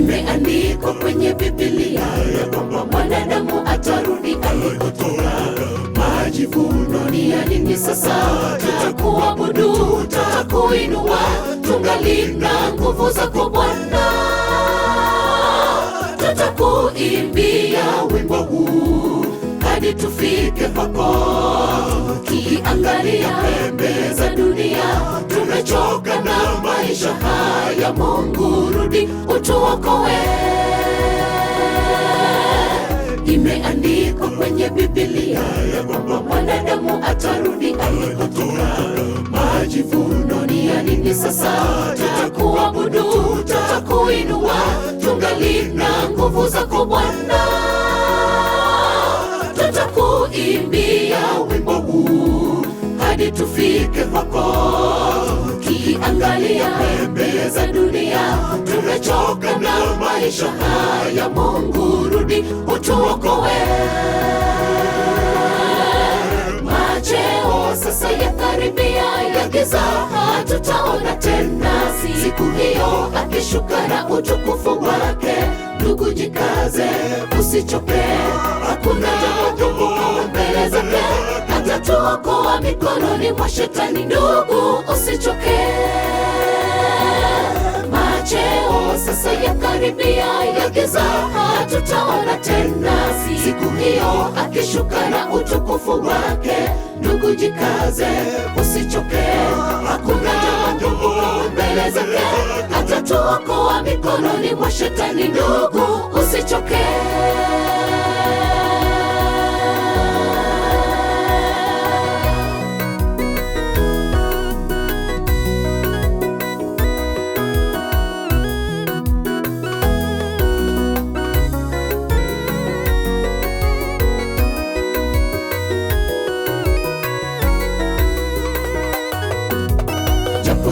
Imeandikwa kwenye Biblia ya kwamba mwanadamu atarudi alikotoka. Majivuno ni ya nini sasa? Tutakuabudu, tutakuinua, tungalina nguvu zako Bwana, tutakuimbia wimbo huu hadi tufike pako, tukiangalia dunia, tumechoka na maisha haya. Mungu, rudi utuokoe. Imeandikwa kwenye Biblia ya kwamba mwanadamu atarudi alikotoka. Majivunoni ya nini sasa? Tutakuabudu, tutakuinua, tungali na nguvu zako Bwana, tutakuimbia hadi tufike kwako. Tukiangalia pembe za dunia, tumechoka na maisha haya. Mungu, rudi utuokowe. Macheo sasa yakaribia ya giza, hatutaona tena siku hiyo akishuka na utukufu wake. Ndugu, jikaze usichoke, hakuna jambo gumu mbele zake hajatuokoa mikononi mwa shetani. Ndugu, usichoke, macheo sasa ya karibia ya giza, hatutaona tena siku hiyo akishuka na utukufu wake. Ndugu, jikaze, usichoke, hakuna ndugu mbele zake, hatatuokoa mikononi mwa shetani. Ndugu, usichoke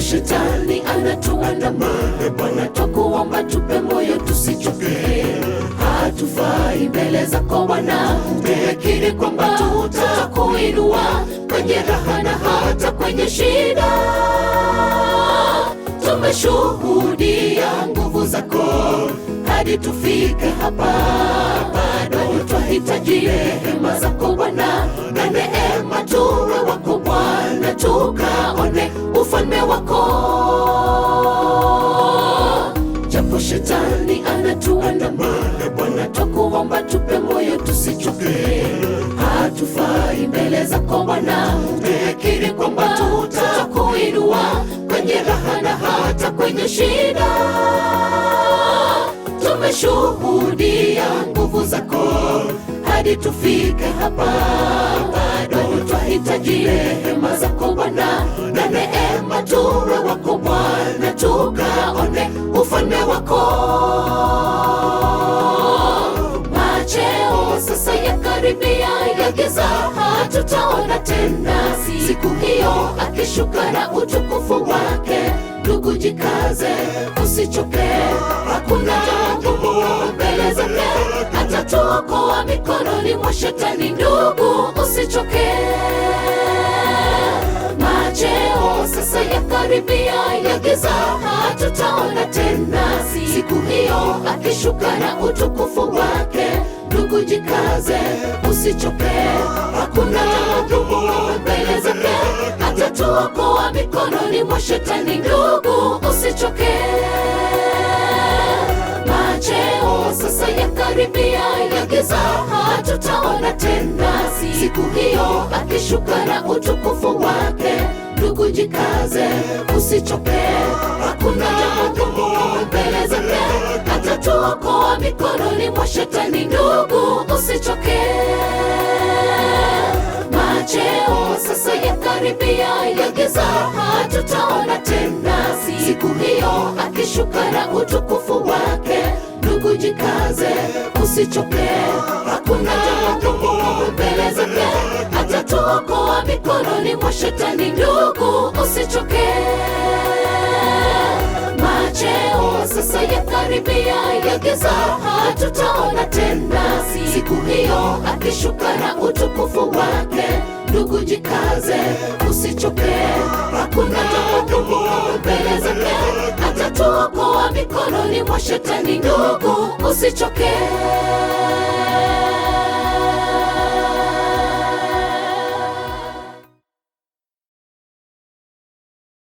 Shetani anatuandamana Bwana, twakuomba tupe moyo tusichoke, hatufai mbele zako Bwana. Tumekiri kwamba tutakuinua kwenye raha na hata kwenye shida. Tumeshuhudia nguvu zako hadi tufike hapa, bado twahitaji rehema zako Bwana na neema, tuwe wako Bwana tukaone wako. Japo shetani anatuandamana, Bwana twakuomba tupe moyo tusichoke, hatufai mbele zako Bwana, tumekiri kwamba tutakuinua kwenye raha na hata kwenye shida. Tumeshuhudia nguvu zako hadi tufike hapa twahitaji rehema zako Bwana, na neema tuwe wako Bwana, tukaone ufalme wako. Macheo sasa yakaribia, ya giza hatutaona tena siku hiyo akishuka na utukufu wake. Ndugu, jikaze usichoke, hakuna ngumu mbele zake, atatuokoa mikononi mwa shetani. giza hatutaona tena siku hiyo akishuka na utukufu wake. Ndugu jikaze, usichoke, hakuna ndugu mbele zake, atatuokoa mikononi mwa shetani. Ndugu usichoke, macheo sasa yakaribia ya giza hatutaona tena Jikaze, usichoke, hakuna jambo gumu mbele zake, atatuokoa mikononi mwa shetani. Ndugu, usichoke, macheo sasa yakaribia ya giza, hatutaona tena siku hiyo akishuka na utukufu wake. Ndugu, jikaze, usichoke hakuna tubu mbele zake, atatuokoa mikononi mwa shetani. Ndugu, usichoke, macheo sasa ya yakaribia ya giza, hatutaona tena siku hiyo akishuka na utukufu wake. Ndugu, jikaze, usichoke, hakuna tubu mbele zake, atatuokoa mikononi mwa shetani. Ndugu, usichoke.